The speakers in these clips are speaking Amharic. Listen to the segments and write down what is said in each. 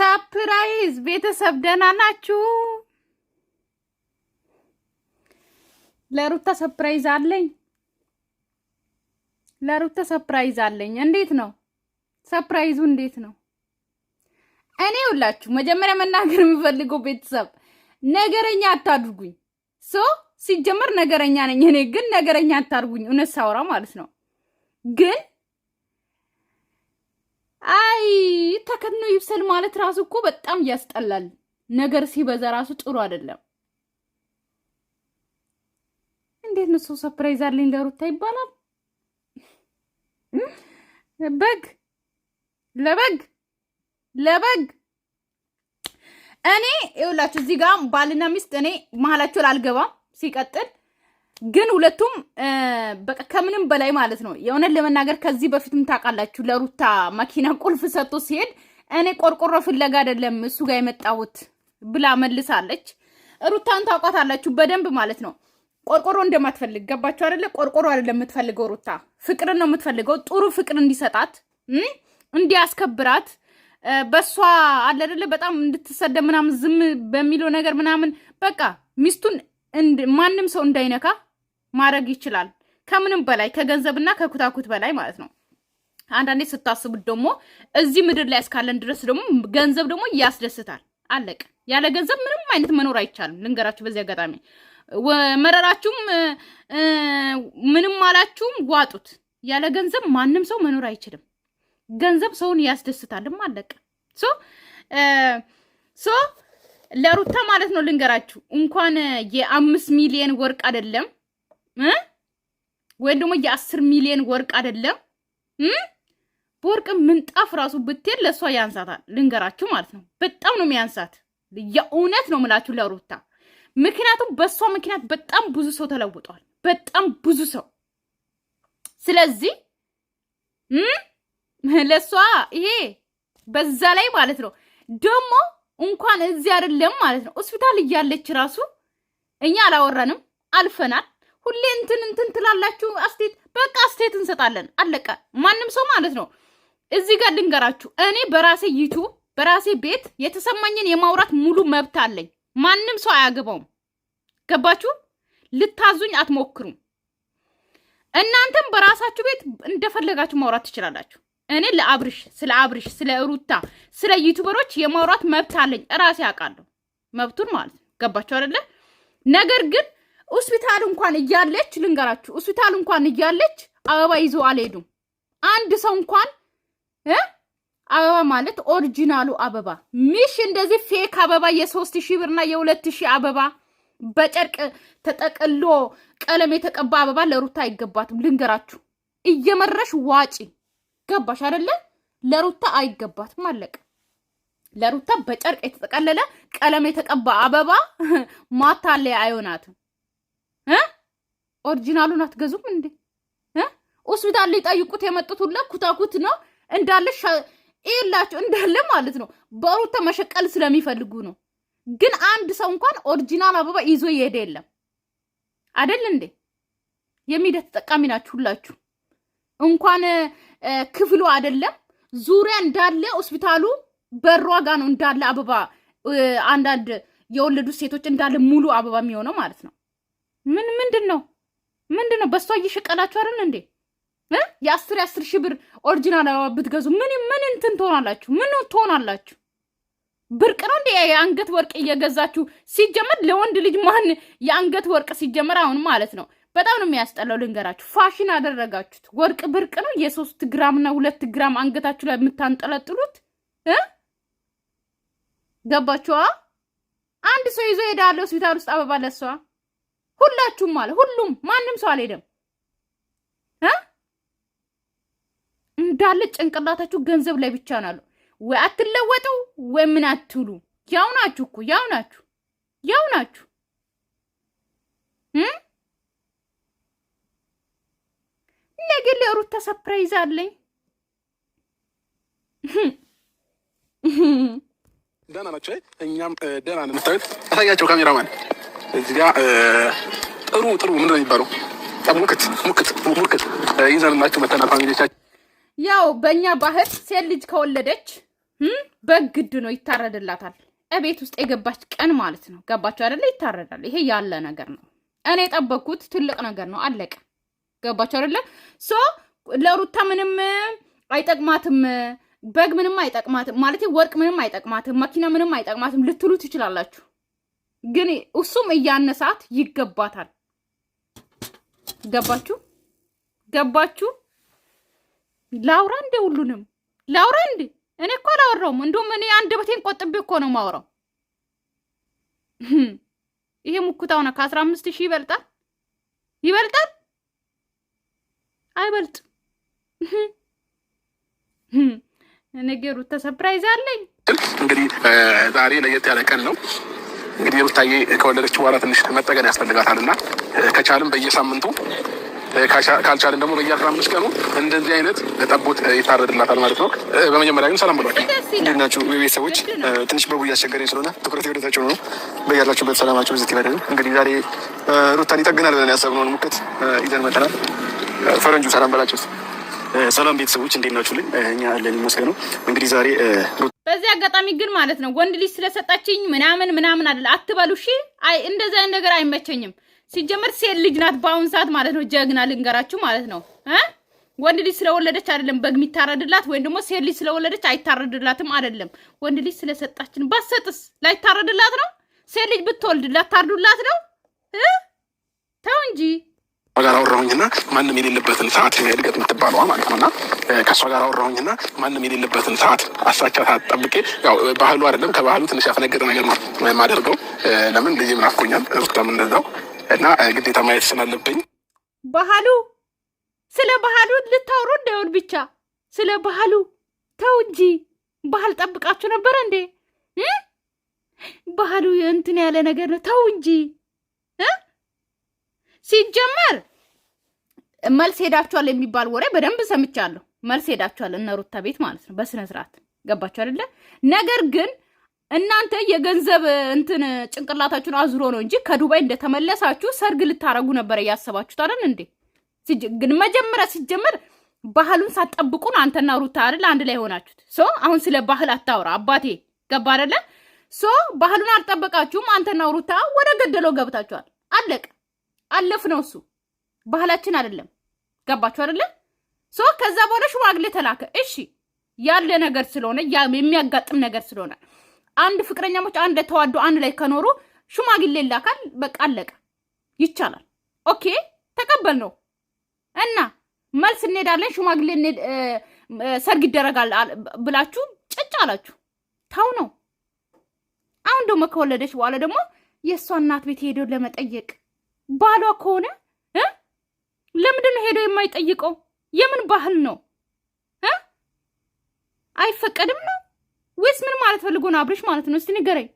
ሰፕራይዝ ቤተሰብ ደህና ናችሁ? ለሩታ ሰፕራይዝ አለኝ። ለሩታ ሰፕራይዝ አለኝ። እንዴት ነው ሰፕራይዙ? እንዴት ነው? እኔ ሁላችሁ መጀመሪያ መናገር የምፈልገው ቤተሰብ ነገረኛ አታድርጉኝ። ሶ ሲጀመር ነገረኛ ነኝ እኔ ግን ነገረኛ አታድርጉኝ። እውነት ሳውራ ማለት ነው ግን አይ ተከድኖ ይብሰል ማለት ራሱ እኮ በጣም ያስጠላል። ነገር ሲበዛ ራሱ ጥሩ አይደለም። እንዴት ነው ሰው ሰፕራይዝ አለኝ ለሩታ ይባላል? በግ ለበግ ለበግ እኔ ይውላችሁ እዚህ ጋር ባልና ሚስት እኔ መሀላችሁ አልገባም ሲቀጥል ግን ሁለቱም በቃ ከምንም በላይ ማለት ነው የእውነት ለመናገር ከዚህ በፊትም ታውቃላችሁ፣ ለሩታ መኪና ቁልፍ ሰጥቶ ሲሄድ እኔ ቆርቆሮ ፍለጋ አይደለም እሱ ጋር የመጣሁት ብላ መልሳለች። ሩታን ታውቋታላችሁ በደንብ ማለት ነው። ቆርቆሮ እንደማትፈልግ ገባችሁ አይደለ? ቆርቆሮ አይደለም የምትፈልገው ሩታ ፍቅርን ነው የምትፈልገው። ጥሩ ፍቅር እንዲሰጣት እንዲያስከብራት በእሷ አለ አይደለ? በጣም እንድትሰደ ምናምን ዝም በሚለው ነገር ምናምን በቃ ሚስቱን ማንም ሰው እንዳይነካ ማድረግ ይችላል። ከምንም በላይ ከገንዘብና ከኩታኩት በላይ ማለት ነው። አንዳንዴ ስታስቡት ደግሞ እዚህ ምድር ላይ እስካለን ድረስ ደግሞ ገንዘብ ደግሞ ያስደስታል። አለቀ ያለ ገንዘብ ምንም አይነት መኖር አይቻልም። ልንገራችሁ በዚህ አጋጣሚ መረራችሁም ምንም አላችሁም ዋጡት። ያለ ገንዘብ ማንም ሰው መኖር አይችልም። ገንዘብ ሰውን ያስደስታልም። አለቀ። ሶ ሶ ለሩታ ማለት ነው ልንገራችሁ እንኳን የአምስት ሚሊየን ወርቅ አይደለም ወይም ደግሞ የአስር ሚሊዮን ወርቅ አይደለም በወርቅ ምንጣፍ ራሱ ብትሄድ ለእሷ ያንሳታል። ልንገራችሁ ማለት ነው፣ በጣም ነው የሚያንሳት። የእውነት ነው ምላችሁ ለሩታ። ምክንያቱም በእሷ ምክንያት በጣም ብዙ ሰው ተለውጧል፣ በጣም ብዙ ሰው። ስለዚህ ለእሷ ይሄ በዛ ላይ ማለት ነው ደግሞ እንኳን እዚህ አይደለም ማለት ነው ሆስፒታል እያለች ራሱ እኛ አላወራንም አልፈናል። ሁሌ እንትን እንትን ትላላችሁ። አስቴት በቃ አስቴት እንሰጣለን። አለቀ። ማንም ሰው ማለት ነው። እዚህ ጋር ልንገራችሁ፣ እኔ በራሴ ዩቲዩብ በራሴ ቤት የተሰማኝን የማውራት ሙሉ መብት አለኝ። ማንም ሰው አያገባውም። ገባችሁ? ልታዙኝ አትሞክሩም። እናንተም በራሳችሁ ቤት እንደፈለጋችሁ ማውራት ትችላላችሁ። እኔ ለአብርሽ ስለ አብርሽ ስለ ሩታ ስለ ዩቱበሮች የማውራት መብት አለኝ። ራሴ አውቃለሁ መብቱን ማለት ነው። ገባችሁ አይደለ? ነገር ግን ሆስፒታል እንኳን እያለች ልንገራችሁ፣ ሆስፒታል እንኳን እያለች አበባ ይዞ አልሄዱም። አንድ ሰው እንኳን አበባ ማለት ኦሪጂናሉ አበባ ሚሽ እንደዚህ ፌክ አበባ የሶስት ሺህ ብርና የሁለት ሺህ አበባ በጨርቅ ተጠቅሎ ቀለም የተቀባ አበባ ለሩታ አይገባትም። ልንገራችሁ፣ እየመረሽ ዋጪ። ገባሽ አይደለ? ለሩታ አይገባትም። አለቀ። ለሩታ በጨርቅ የተጠቀለለ ቀለም የተቀባ አበባ ማታለያ አይሆናትም። ኦሪጂናሉን አትገዙም እንዴ? ሆስፒታል ሊጠይቁት የመጡት ሁላ ኩታኩት ነው እንዳለ ይላቸው እንዳለ ማለት ነው። በሩት ተመሸቀል ስለሚፈልጉ ነው። ግን አንድ ሰው እንኳን ኦሪጂናል አበባ ይዞ እየሄደ የለም አይደል እንዴ? የሚዲያ ተጠቃሚ ናችሁ ሁላችሁ። እንኳን ክፍሉ አይደለም ዙሪያ እንዳለ ሆስፒታሉ በሯ ጋ ነው እንዳለ አበባ አንዳንድ የወለዱ ሴቶች እንዳለ ሙሉ አበባ የሚሆነው ማለት ነው። ምን ምንድን ነው ምንድን ነው? በእሷ እየሸቀላችሁ አይደል እንዴ? የአስር የአስር ሺህ ብር ኦሪጂናል ብትገዙ ምን ምን እንትን ትሆናላችሁ? ምን ትሆናላችሁ? ብርቅ ነው እንዴ የአንገት ወርቅ እየገዛችሁ? ሲጀመር ለወንድ ልጅ ማን የአንገት ወርቅ ሲጀመር አሁን ማለት ነው በጣም ነው የሚያስጠላው። ልንገራችሁ፣ ፋሽን አደረጋችሁት። ወርቅ ብርቅ ነው። የሶስት ግራም እና ሁለት ግራም አንገታችሁ ላይ የምታንጠለጥሉት ገባችኋ? አንድ ሰው ይዞ ሄዳለ ሆስፒታል ውስጥ አበባ ለሷ ሁላችሁም አለ ሁሉም ማንም ሰው አልሄደም እ እንዳለ ጭንቅላታችሁ ገንዘብ ላይ ብቻ ናሉ። ወይ አትለወጡ ወይ ምን አትሉ። ያው ናችሁ እኮ ያው ናችሁ ያው ናችሁ እ ነገ ለሩታ ተሰፕራይዝ አለኝ። ደህና ናቸው። እኛም ደህና ነው። የምታዩት ታሳያቸው ካሜራማን እዚህ ጋ ጥሩ ጥሩ ምንድን ነው የሚባለው ሙክት ሙክት ሙክት ይዘንላችሁ መተናል። ፋሚሊዎቻችን ያው በእኛ ባህል ሴት ልጅ ከወለደች በግድ ነው ይታረድላታል። እቤት ውስጥ የገባች ቀን ማለት ነው። ገባችሁ አይደለ? ይታረዳል። ይሄ ያለ ነገር ነው። እኔ የጠበቅኩት ትልቅ ነገር ነው። አለቀ። ገባችሁ አይደለ? ሶ ለሩታ ምንም አይጠቅማትም። በግ ምንም አይጠቅማትም ማለት ወርቅ ምንም አይጠቅማትም፣ መኪና ምንም አይጠቅማትም ልትሉ ትችላላችሁ። ግን እሱም እያነሳት ይገባታል። ገባችሁ? ገባችሁ? ላውራ እንደ ሁሉንም ላውራ እንደ እኔ እኮ አላወራውም። እንዲሁም እኔ አንድ በቴን ቆጥቤ እኮ ነው ማውራው። ይሄ ሙኩታ ነው። ከአስራ አምስት ሺህ ይበልጣል ይበልጣል አይበልጥም። ነገሩ ተሰፕራይዝ አለኝ። እንግዲህ ዛሬ ለየት ያለ ቀን ነው። እንግዲህ ሩታዬ ከወለደች በኋላ ትንሽ መጠገን ያስፈልጋታል እና ከቻልም በየሳምንቱ ካልቻልን ደግሞ በየ አምስት ቀኑ እንደዚህ አይነት ጠቦት ይታረድላታል ማለት ነው። በመጀመሪያ ግን ሰላም ብሏል። እንዴት ናችሁ ቤተሰቦች? ትንሽ በቡ እያስቸገረኝ ስለሆነ ትኩረት የወደታቸው ነው። በያላችሁበት ሰላማቸው ብዝት ይበደል። እንግዲህ ዛሬ ሩታን ይጠግናል ብለን ያሰብነውን ሙከት ይዘን መጠናል። ፈረንጁ ሰላም በላቸው። ሰላም ቤተሰቦች እንዴት ናችሁልን? እኛ አለን ይመስገነው። እንግዲህ ዛሬ በዚህ አጋጣሚ ግን ማለት ነው ወንድ ልጅ ስለሰጣችኝ ምናምን ምናምን አይደለ አትበሉ። እሺ፣ አይ እንደዛ ነገር አይመቸኝም። ሲጀመር ሴት ልጅ ናት በአሁን ሰዓት ማለት ነው። ጀግና ልንገራችሁ ማለት ነው እ ወንድ ልጅ ስለወለደች አይደለም በግ የሚታረድላት ወይም ደግሞ ሴት ልጅ ስለወለደች አይታረድላትም አይደለም። ወንድ ልጅ ስለሰጣችን ባሰጥስ ላይታረድላት ነው? ሴት ልጅ ብትወልድ ላታርዱላት ነው? ተው እንጂ ጋር አወራሁኝና ማንም የሌለበትን ሰዓት ልቀት የምትባለዋ ማለት ነው እና ከእሷ ጋር አወራሁኝና ማንም የሌለበትን ሰዓት አሳቻ ሰዓት ጠብቄ ያው ባህሉ አይደለም ከባህሉ ትንሽ ያስነገጠ ነገር ነው የማደርገው። ለምን ልጄ ምናፍቆኛል ሩታም እንደዛው እና ግዴታ ማየት ስላለብኝ ባህሉ ስለ ባህሉ ልታወሩ እንዳይሆን ብቻ ስለ ባህሉ ተው እንጂ። ባህል ጠብቃችሁ ነበረ እንዴ? ባህሉ እንትን ያለ ነገር ነው። ተው እንጂ ሲጀመር መልስ ሄዳችኋል የሚባል ወሬ በደንብ ሰምቻለሁ። መልስ ሄዳችኋል እነ ሩታ ቤት ማለት ነው። በስነ ስርዓት ገባችሁ አይደለ? ነገር ግን እናንተ የገንዘብ እንትን ጭንቅላታችሁን አዙሮ ነው እንጂ ከዱባይ እንደተመለሳችሁ ሰርግ ልታረጉ ነበረ እያሰባችሁት አለን እንዴ? ግን መጀመሪያ ሲጀመር ባህሉን ነው አንተና ሩታ አይደል አንድ ላይ ሆናችሁት። ሶ አሁን ስለ ባህል አታውራ አባቴ ገባ አይደለ? ሶ ባህሉን አልጠበቃችሁም። አንተና ሩታ ወደ ገደለው ገብታችኋል። አለቀ፣ አለፍ ነው እሱ ባህላችን አይደለም። ገባችሁ አይደለም? ሶ ከዛ በኋላ ሽማግሌ ተላከ። እሺ ያለ ነገር ስለሆነ የሚያጋጥም ነገር ስለሆነ አንድ ፍቅረኛሞች አንድ ተዋዶ አንድ ላይ ከኖሩ ሽማግሌ ላካል። በቃ አለቀ። ይቻላል። ኦኬ ተቀበል ነው እና መልስ እንሄዳለን ሽማግሌ ሰርግ ይደረጋል ብላችሁ ጭጭ አላችሁ። ታው ነው። አሁን ደግሞ ከወለደች በኋላ ደግሞ የእሷ እናት ቤት ሄደው ለመጠየቅ ባሏ ከሆነ ለምንድን ነው ሄዶ የማይጠይቀው? የምን ባህል ነው? አይፈቀድም ነው ወይስ ምን ማለት ፈልጎ ነው አብርሽ ማለት ነው? እስቲ ንገረኝ።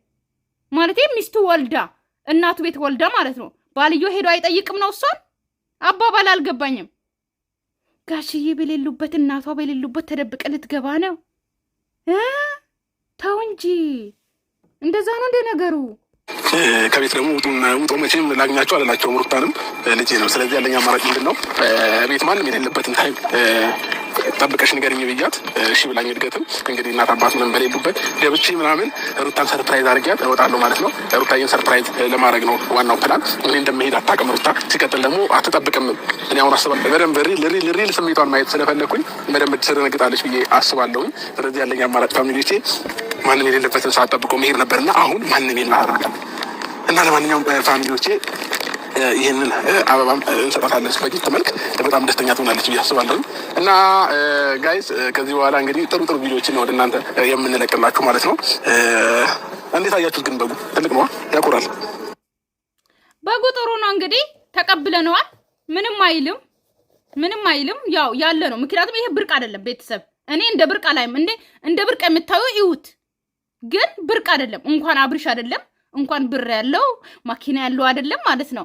ማለት ሚስቱ ወልዳ እናቱ ቤት ወልዳ ማለት ነው ባልዮ ሄዶ አይጠይቅም ነው? እሷን አባባል አልገባኝም። ጋሽዬ በሌሉበት እናቷ በሌሉበት ተደብቀ ልትገባ ነው? ተው እንጂ እንደዛ ነው እንደ ነገሩ። ከቤት ደግሞ ውጡ መቼም ላግኛቸው አላላቸውም። ሩታንም ልጄ ነው። ስለዚህ ያለኝ አማራጭ ምንድን ነው? ቤት ማንም የሌለበትን ታይም ጠብቀሽ ንገሪኝ ብያት እሺ ብላኝ እድገትም እንግዲህ እናት አባት ምንም በሌሉበት ገብቼ ምናምን ሩታን ሰርፕራይዝ አድርጊያት እወጣለሁ ማለት ነው። ሩታዬን ሰርፕራይዝ ለማድረግ ነው ዋናው ፕላን። እኔ እንደምሄድ አታውቅም ሩታ። ሲቀጥል ደግሞ አትጠብቅም። እኔ አሁን አስባ በደንብ ሪል ሪል ሪል ስሜቷን ማየት ስለፈለግኩኝ በደንብ ትደነግጣለች ብዬ አስባለሁኝ። ስለዚህ ያለኝ አማራጭ ፋሚሊ ፋሚሊዎቼ ማንም የሌለበትን ሰዓት ጠብቆ መሄድ ነበርና አሁን ማንም የለ እና ለማንኛውም ፋሚሊዎቼ ይህንን አበባም እንሰጣታለን። ስለዚህ ተመልክ በጣም ደስተኛ ትሆናለች ብዬ አስባለሁ። እና ጋይስ ከዚህ በኋላ እንግዲህ ጥሩ ጥሩ ቪዲዮዎችን ወደ እናንተ የምንለቅላችሁ ማለት ነው። እንዴት አያችሁት ግን? በጉ ትልቅ ነዋ፣ ያኮራል። በጉ ጥሩ ነው እንግዲህ ተቀብለነዋል። ምንም አይልም፣ ምንም አይልም። ያው ያለ ነው። ምክንያቱም ይሄ ብርቅ አይደለም ቤተሰብ። እኔ እንደ ብርቅ አላይም። እንዴ እንደ ብርቅ የምታዩ ይዩት፣ ግን ብርቅ አይደለም። እንኳን አብርሽ አይደለም እንኳን ብር ያለው ማኪና ያለው አይደለም ማለት ነው።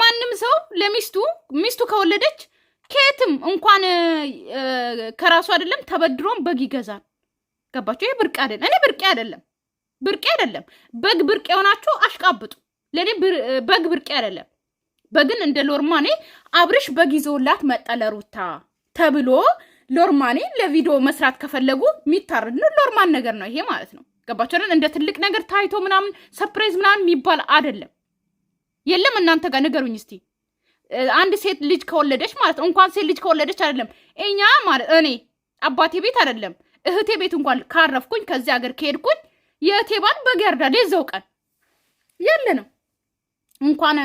ማንም ሰው ለሚስቱ ሚስቱ ከወለደች ከየትም እንኳን ከራሱ አይደለም ተበድሮም በግ ይገዛል። ገባቸው? ይህ ብርቅ አይደለም። እኔ ብርቄ አይደለም ብርቄ አይደለም። በግ ብርቅ የሆናችሁ አሽቃብጡ። ለእኔ በግ ብርቄ አይደለም። በግን እንደ ሎርማኔ አብርሽ በግ ይዞላት መጣ ለሩታ ተብሎ ሎርማኔ ለቪዲዮ መስራት ከፈለጉ የሚታረድ ሎርማን ነገር ነው ይሄ ማለት ነው። ገባቸውን? እንደ ትልቅ ነገር ታይቶ ምናምን ሰርፕራይዝ ምናምን የሚባል አይደለም። የለም እናንተ ጋር ንገሩኝ እስቲ። አንድ ሴት ልጅ ከወለደች ማለት ነው እንኳን ሴት ልጅ ከወለደች አይደለም እኛ ማለት እኔ አባቴ ቤት አይደለም እህቴ ቤት እንኳን ካረፍኩኝ ከዚህ ሀገር ከሄድኩኝ የእህቴ ባል በግ ያርዳል። ቀን ያለ ነው። እንኳን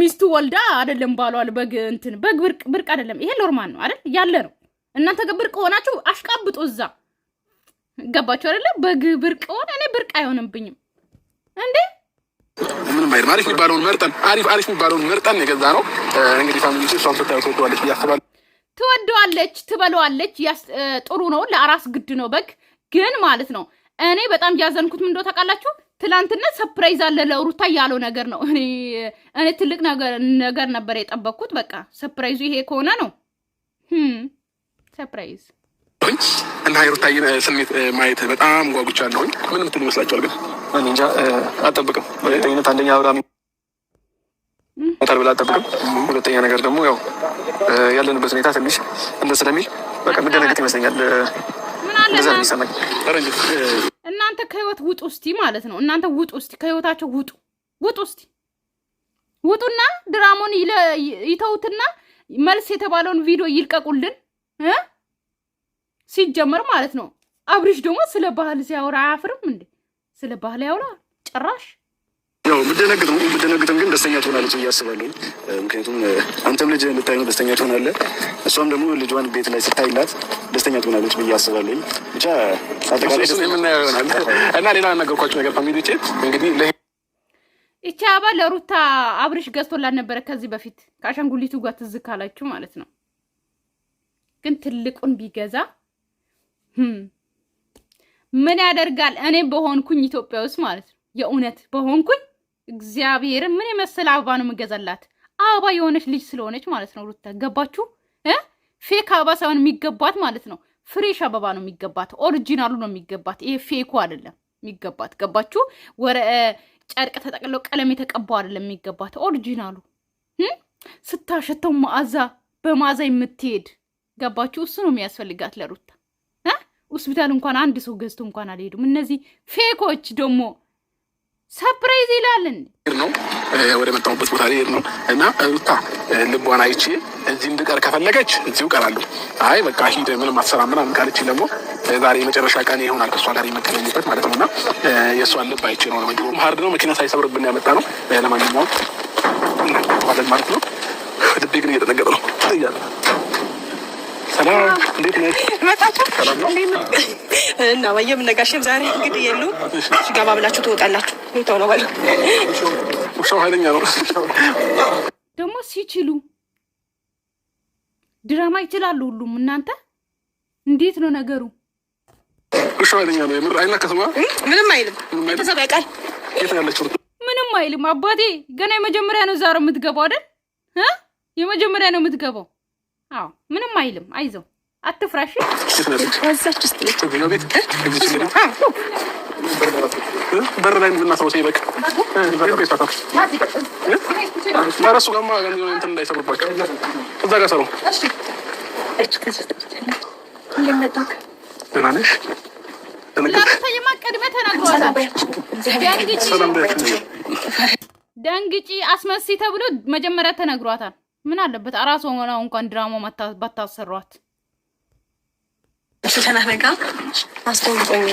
ሚስቱ ወልዳ አይደለም ባሏል በግ እንትን በግ ብርቅ ብርቅ አይደለም። ይሄ ኖርማል ነው አይደል? ያለ ነው። እናንተ ጋር ብርቅ ሆናችሁ አሽቃብጦ እዛ ገባችሁ አይደለም? በግ ብርቅ ሆነ። እኔ ብርቅ አይሆንብኝም እንዴ ምንም አይደል። አሪፍ የሚባለውን መርጠን አሪፍ አሪፍ የሚባለውን መርጠን የገዛ ነው እንግዲህ ፋሚሊ እሷን ስታ ትወደዋለች ብዬ አስባለሁ። ትወደዋለች፣ ትበለዋለች። ጥሩ ነው። ለአራስ ግድ ነው በግ ግን ማለት ነው። እኔ በጣም ያዘንኩት ምንዶ ታውቃላችሁ? ትላንትና ሰፕራይዝ አለ ለሩታ ያለው ነገር ነው። እኔ ትልቅ ነገር ነበር የጠበቅኩት። በቃ ሰፕራይዙ ይሄ ከሆነ ነው hm፣ ሰፕራይዝ እና የሩታዬን ስሜት ማየት በጣም ጓጉቻለሁኝ። ምንም ትሉ ይመስላችኋል ግን እንጃ አጠብቅም። በእርግጠኝነት አንደኛ አብርሃም ይሞታል ብላ አጠብቅም። ሁለተኛ ነገር ደግሞ ያው ያለንበት ሁኔታ ትንሽ እንደ ስለሚል በቃ ምደነግጥ ይመስለኛል። እንደዛ ነው የሚሰማኝ። እናንተ ከህይወት ውጡ እስቲ ማለት ነው። እናንተ ውጡ እስቲ ከህይወታቸው ውጡ፣ ውጡ እስቲ ውጡና ድራሞን ይተውትና መልስ የተባለውን ቪዲዮ ይልቀቁልን ሲጀመር ማለት ነው። አብሪሽ ደግሞ ስለ ባህል ሲያወራ አያፍርም እንዴ? ስለ ባህል ያውላ ጭራሽ ያው ብደነግጥም ብደነግጥም ግን ደስተኛ ትሆናለች ብዬ አስባለሁ። ምክንያቱም አንተም ልጅ የምታይ ነው ደስተኛ ትሆናለህ፣ እሷም ደግሞ ልጇን ቤት ላይ ስታይላት ደስተኛ ትሆናለች ብዬ አስባለሁ። ብቻ አጠቃላይ የምናየው ይሆናል እና ሌላ ነገርኳቸው ነገር ፋሚሊ ፋሚሊቼ እንግዲህ ይቺ አባ ለሩታ አብርሽ ገዝቶላት ነበረ ከዚህ በፊት ከአሻንጉሊቱ ጋር ትዝ ካላችሁ ማለት ነው። ግን ትልቁን ቢገዛ ምን ያደርጋል? እኔ በሆንኩኝ ኢትዮጵያ ውስጥ ማለት ነው የእውነት በሆንኩኝ እግዚአብሔርን ምን የመሰለ አበባ ነው የምገዛላት። አበባ የሆነች ልጅ ስለሆነች ማለት ነው። ሩታ ገባችሁ? ፌክ አበባ ሳይሆን የሚገባት ማለት ነው። ፍሬሽ አበባ ነው የሚገባት። ኦሪጂናሉ ነው የሚገባት። ይሄ ፌኩ አይደለም የሚገባት። ገባችሁ? ወረ ጨርቅ ተጠቅሎ ቀለም የተቀባው አይደለም የሚገባት። ኦሪጂናሉ ስታሸተው መዓዛ በመዓዛ የምትሄድ ገባችሁ? እሱ ነው የሚያስፈልጋት ለሩታ። ሆስፒታል እንኳን አንድ ሰው ገዝቶ እንኳን አልሄዱም። እነዚህ ፌኮች ደግሞ ሰፕራይዝ ይላልን ነው ወደ መጣሁበት ቦታ ሄድ ነው እና ሩታ ልቧን አይቼ እዚህ እንድቀር ከፈለገች እዚሁ እቀራለሁ። አይ በቃ ሂድ ምንም አትሰራ ምናምን ካለች ደግሞ ዛሬ የመጨረሻ ቀን ይሆናል ከእሷ ጋር የምትገኝበት ማለት ነው እና የእሷን ልብ አይቼ ነው ነው ሀርድ ነው መኪና ሳይሰብርብን ያመጣ ነው። ለማንኛውም ማለት ነው ልቤ ግን እየተጠነገጠ ነው እያለ እና ወየም ነጋሽም ዛሬ እንግዲህ የሉ ሽጋባ ብላችሁ ትወጣላችሁ። ቤተው በሉ። ውሻው ኃይለኛ ነው ደግሞ ሲችሉ ድራማ ይችላሉ። ሁሉም እናንተ እንዴት ነው ነገሩ? ውሻው ኃይለኛ ነው የምር ምንም አይልም። ቤተሰብ ያውቃል የት ያለችው ምንም አይልም። አባቴ ገና የመጀመሪያ ነው ዛሬ የምትገባው አይደል? የመጀመሪያ ነው የምትገባው አዎ ምንም አይልም። አይዘው አትፍራሽ። በር ላይ ምናስበው ሰው በቃ እሱ ጋማ እንትን እንዳይሰሩባቸው እዛ ጋር ሰሩ። ደህና ነሽ? ደንግጪ አስመሲ ተብሎ መጀመሪያ ተነግሯታል። ምን አለበት? አራስ ሆና እንኳን ድራማ ባታሰሯት። ስለነጋ አስደንቆኝ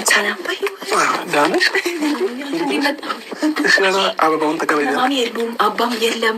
አበባውን አባም የለም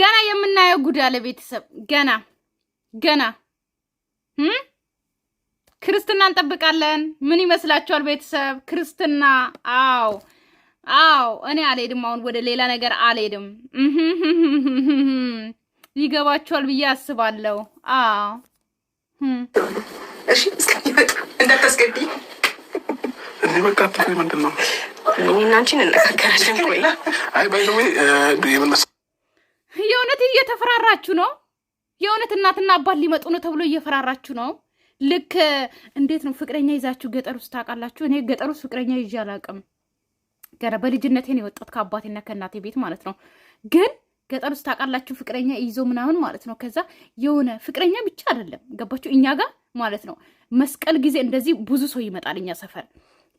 ገና የምናየው ጉዳለ ቤተሰብ ገና ገና ክርስትና እንጠብቃለን። ምን ይመስላችኋል ቤተሰብ? ክርስትና አዎ አዎ እኔ አልሄድም። አሁን ወደ ሌላ ነገር አልሄድም። ይገባችኋል ብዬ አስባለሁ። አዎ እሺ፣ እንዳታስገቢ እኔ በቃ ምንድን ነው እናንቺን እንነጋገራለን። ቆይ አይ ባይ የእውነት እየተፈራራችሁ ነው። የእውነት እናትና አባት ሊመጡ ነው ተብሎ እየፈራራችሁ ነው። ልክ እንዴት ነው ፍቅረኛ ይዛችሁ ገጠር ውስጥ ታውቃላችሁ? እኔ ገጠር ውስጥ ፍቅረኛ ይዤ አላውቅም። ገና በልጅነቴን የወጣት ከአባቴና ከእናቴ ቤት ማለት ነው። ግን ገጠር ውስጥ ታውቃላችሁ ፍቅረኛ ይዞ ምናምን ማለት ነው። ከዛ የሆነ ፍቅረኛ ብቻ አይደለም ገባችሁ፣ እኛ ጋር ማለት ነው መስቀል ጊዜ እንደዚህ ብዙ ሰው ይመጣል እኛ ሰፈር።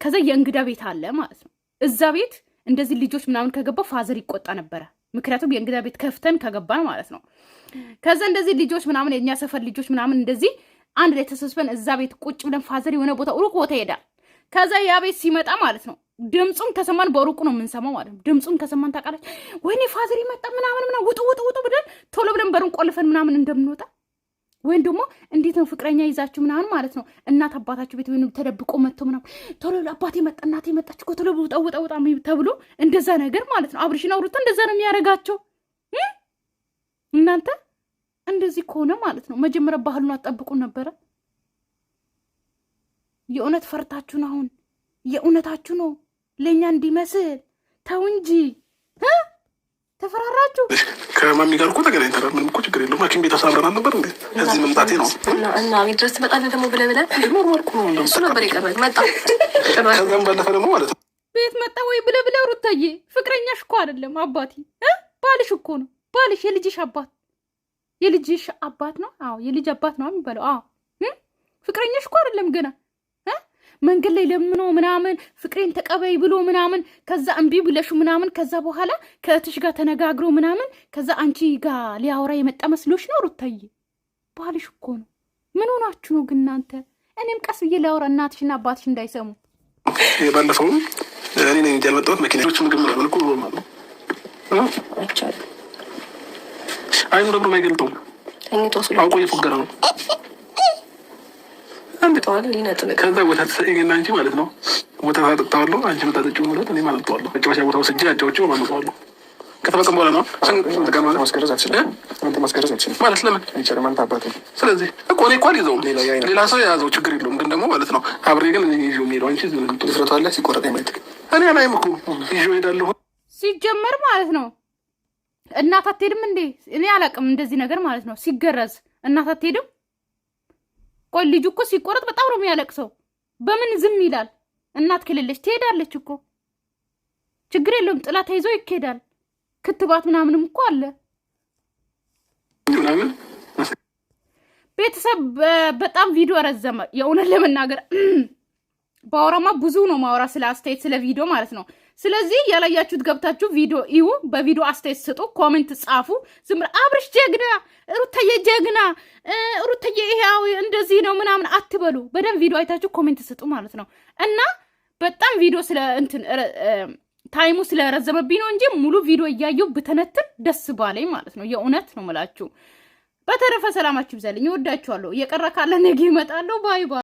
ከዛ የእንግዳ ቤት አለ ማለት ነው። እዛ ቤት እንደዚህ ልጆች ምናምን ከገባ ፋዘር ይቆጣ ነበረ ምክንያቱም የእንግዳ ቤት ከፍተን ከገባን ማለት ነው። ከዛ እንደዚህ ልጆች ምናምን የእኛ ሰፈር ልጆች ምናምን እንደዚህ አንድ ላይ ተሰብስበን እዛ ቤት ቁጭ ብለን ፋዘር የሆነ ቦታ ሩቅ ቦታ ይሄዳል። ከዛ ያ ቤት ሲመጣ ማለት ነው ድምፁም ከሰማን በሩቁ ነው የምንሰማው ማለት ነው። ድምፁም ከሰማን ታውቃለች። ወይኔ ፋዘር ይመጣ ምናምን ምና ውጡ ውጡ ውጡ ብለን ቶሎ ብለን በሩን ቆልፈን ምናምን እንደምንወጣ ወይም ደግሞ እንዴት ነው ፍቅረኛ ይዛችሁ ምናምን ማለት ነው እናት አባታችሁ ቤት ወይም ተደብቆ መጥቶ ምናምን ቶሎ አባቴ መጣ እናቴ መጣች እኮ ቶሎ ውጣውጣውጣ ተብሎ እንደዛ ነገር ማለት ነው። አብርሽና አውርቶ እንደዛ ነው የሚያደርጋቸው። እናንተ እንደዚህ ከሆነ ማለት ነው መጀመሪያ ባህሉን አጠብቁ ነበረ። የእውነት ፈርታችሁን አሁን የእውነታችሁ ነው ለእኛ እንዲመስል ተው እንጂ ተፈራራችሁ? ከማሚ ጋር እኮ ተገናኝተን ምንም እኮ ችግር የለውም። ሐኪም ቤት አሳምረናል ነበር እንዴ እዚህ መምጣቴ ነው እና ቤት ድረስ ትመጣለህ ደግሞ ብለህ ብለህ እሱ ነበር የቀረህ መጣ። ከዛም ባለፈ ደግሞ ማለት ነው ቤት መጣ ወይ ብለህ ብለህ ሩታዬ፣ ፍቅረኛሽ እኮ አይደለም አባቴ ባልሽ እኮ ነው ባልሽ፣ የልጅሽ አባት የልጅሽ አባት ነው። አዎ የልጅ አባት ነው የሚባለው። አዎ ፍቅረኛሽ እኮ አይደለም ገና መንገድ ላይ ለምኖ ምናምን ፍቅሬን ተቀበይ ብሎ ምናምን ከዛ እምቢ ብለሹ ምናምን ከዛ በኋላ ከእህትሽ ጋር ተነጋግሮ ምናምን ከዛ አንቺ ጋር ሊያወራ የመጣ መስሎሽ ነው? ሩታዬ ባልሽ እኮ ነው። ምን ሆናችሁ ነው ግን እናንተ? እኔም ቀስ ብዬ ላውራ እናትሽና አባትሽ እንዳይሰሙ። ባለፈው እኔ ነኝ ያልመጣሁት መኪናዎች ምግብ ምናምን እኮ ነው አይኑ ደግሞ አይገልጠውም። አውቆ እየፎገረ ነው ሰንብተዋል። ሊነጥብ ከዛ ቦታ ተሰኝና እንጂ ማለት ነው ቦታ ታጠጣዋለሁ አንቺ መጣ ጠጭ ብለት እኔ ማለጠዋለሁ መጨረሻ ቦታ ውስጅ አጫዎች ማለጠዋለሁ። ከተፈጸም በኋላ ነው ማስገረዝ አልችልም ማስገረዝ አልችልም ማለት ለምን አይቻልም? አንተ ስለዚህ እኮ እኔ እኮ አልይዘውም ሌላ ሰው የያዘው ችግር የለውም። ግን ደግሞ ማለት ነው አብሬ ግን ይዞ የሚሄደው አንቺ ትፍረቷለህ። ሲቆረጠ ማየት እኔ አላይም እኮ ይዞ ሄዳለሁ ሲጀመር ማለት ነው እናት አትሄድም እንዴ? እኔ አላቅም እንደዚህ ነገር ማለት ነው ሲገረዝ እናት አትሄድም ቆይ ልጁ እኮ ሲቆረጥ በጣም ነው የሚያለቅሰው። በምን ዝም ይላል? እናት ክልለች ትሄዳለች እኮ ችግር የለውም። ጥላ ተይዞ ይኬዳል። ክትባት ምናምንም እኮ አለ። ቤተሰብ በጣም ቪዲዮ ረዘመ። የእውነት ለመናገር በአውራማ ብዙ ነው ማውራ ስለ አስተያየት ስለ ቪዲዮ ማለት ነው። ስለዚህ ያላያችሁት ገብታችሁ ቪዲዮ እዩ፣ በቪዲዮ አስተያየት ስጡ፣ ኮሜንት ጻፉ። ዝም ብላ አብርሽ ጀግና፣ ሩታዬ ጀግና፣ ሩታዬ ይሄው እንደዚህ ነው ምናምን አትበሉ። በደንብ ቪዲዮ አይታችሁ ኮሜንት ስጡ ማለት ነው። እና በጣም ቪዲዮ ስለ እንትን ታይሙ ስለረዘመብኝ ነው እንጂ ሙሉ ቪዲዮ እያየሁ ብተነትን ደስ ባለኝ ማለት ነው። የእውነት ነው ምላችሁ። በተረፈ ሰላማችሁ ይብዛልኝ። እወዳችኋለሁ። እየቀረ ካለ ነገ ይመጣለሁ። ባይ ባይ።